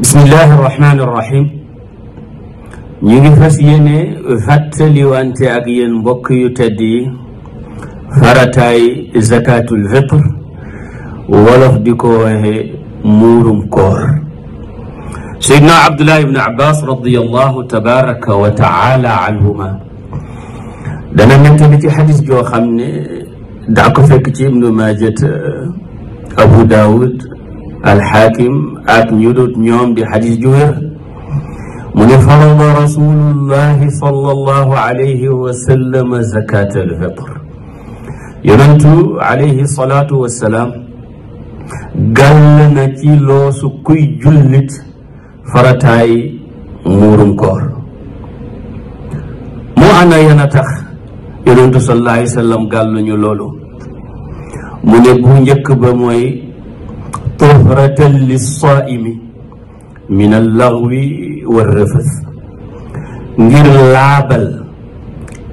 bismillahi irrahmani irrahim ñu ngi fas yéene fàttaliwante ak yéen mbokk yu tedd yi farataay zakatul fitr wolof di ko waxe muurum koor seydna abdullah ibn abbas radiallahu tabaraka wa taala anhuma dana nettali ci xadis joo xam ne daa ko fekk ci ibnu majat abu daawud alxaakim ak ñu dut di xadis ju mu ne farada rasulullahi sallallahu alayhi wa sallam zakat alfitr yonentu alayhi salaatu wassalaam gàll na ci loosu kuy jullit farataay muurum koor moo ana yana tax yonentu sallallahu alayhi wa sallam gàll ñu loolu mu ne bu njëkk ba mooy طهرة للصائم من اللغو والرفث ngir laabal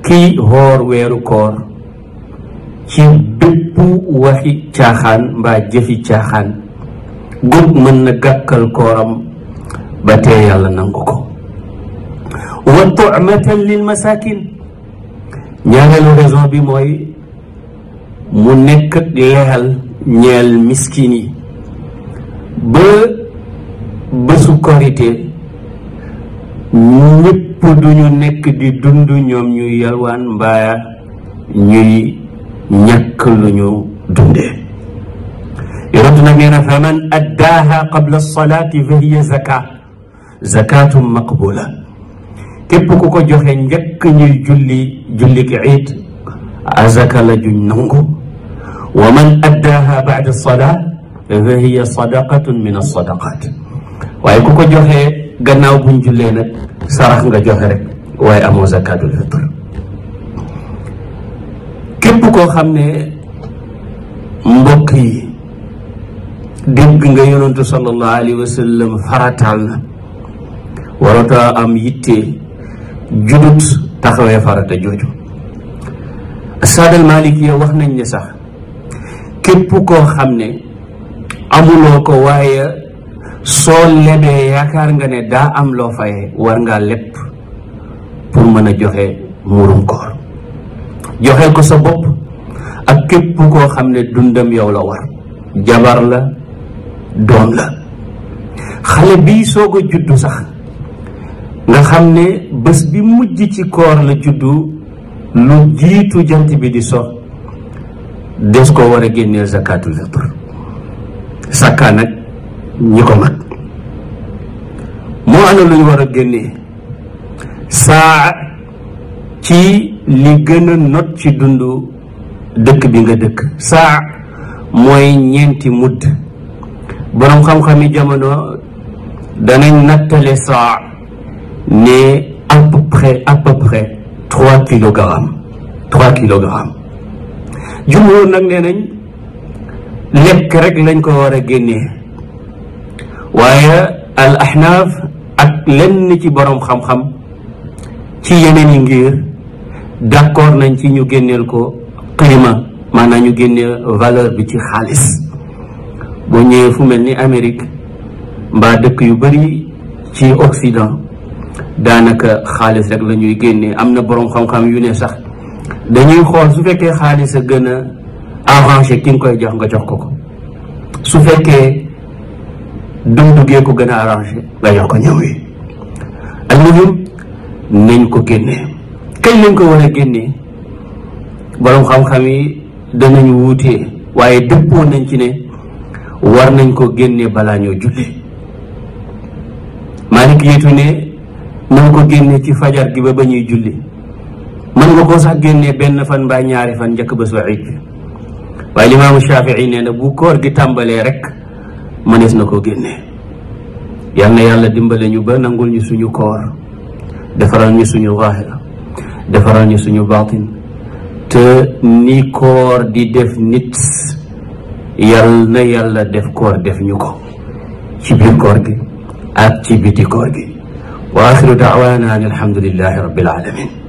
kii xoor weeru koor ci bépp waxi caaxaan mbaa jëfi caaxaan gut mën na gàkkal kooram ba tee yàlla nangu ko wa tu'matan lil masakin ñaareelu raison bi mooy mu nekk leexal ñeel miskin yi ba bésu korité ñëpp duñu nekk di dund ñoom ñuy yalwaan mbaa ñuy ñàkk lu ñu dundee yonentu nag nee na fa man addaaha qabla salaati fa hiya zakat zakatum maqbula képp ku ko joxe njëkk ñuy julli julli ki iid azaka la juñ nangu wa man addaaha baada salaat fa hiya sadaqatun min as-sadaqat waaye ku ko joxee gannaaw buñ jullee nag sarax nga joxe rek waaye amoo zakatul fitr képp koo xam ne mbokk yi dégg nga yonantu sallallahu alayhi wa sallam farataal na warata am yitte judut taxawee farata jooju saadal malik yow wax nañ ne sax képp koo xam ne amuloo ko waaye soo lebee yaakaar nga ne daa am loo fayee war ngaa lépp pour mën a joxe muurum koor joxe ko sa bopp ak képp koo xam ne dundam yow la war jabar la doom la xale bi soog a juddu sax nga xam ne bés bi mujj ci koor la juddu lu jiitu jant bi di so des ko war a génneel zakatul fitr sakkaan ak ñi ko mag moo ana lu war a génnee saa ci li gën a not ci dundu dëkk bi nga dëkk saa mooy ñeenti mutt boroom xam-xami jamono danañ nattale saa ne à peu près à peu près trois kilogrammes trois kilogrammes nag nee nañ lekk rek lañ ko war a génnee waaye al ahnaaf ak lenn ci boroom xam-xam ci yeneen yi ngir d'accord nañ ci ñu génneel ko qima maanaa ñu génneel valeur bi ci xaalis boo ñëwee fu mel ni Amérique mbaa dëkk yu bari ci Occident daanaka xaalis rek la ñuy génnee am na boroom xam-xam yu ne sax dañuy xool su fekkee xaalis a gën arrangé ki nga koy jox nga jox ko ko su fekkee dund ko gën a arrangé nga jox ko ñëw yi nañ ko génnee kañ lañ ko war a génnee boroom xam-xam yi danañ wuutee waaye dëppoo nañ ci ne war nañ koo génnee balaa ñoo julli Maalik yeetu ne ko génne ci fajar gi ba ba ñuy julli mën nga koo sax génnee benn fan mbaa ñaari fan njëkk ba soo it waaye limaamu Shafii nee na bu koor gi tàmbalee rek mënees na koo génne yal na yàlla dimbale ñu ba nangul ñu suñu koor defaral ñu suñu zaahir defaral ñu suñu baatin te ni koor di def nit yal na yàlla def koor def ñu ko ci biir koor gi ak ci biti koor gi wa axiru daawaana an alhamdulillahi rabbil alamin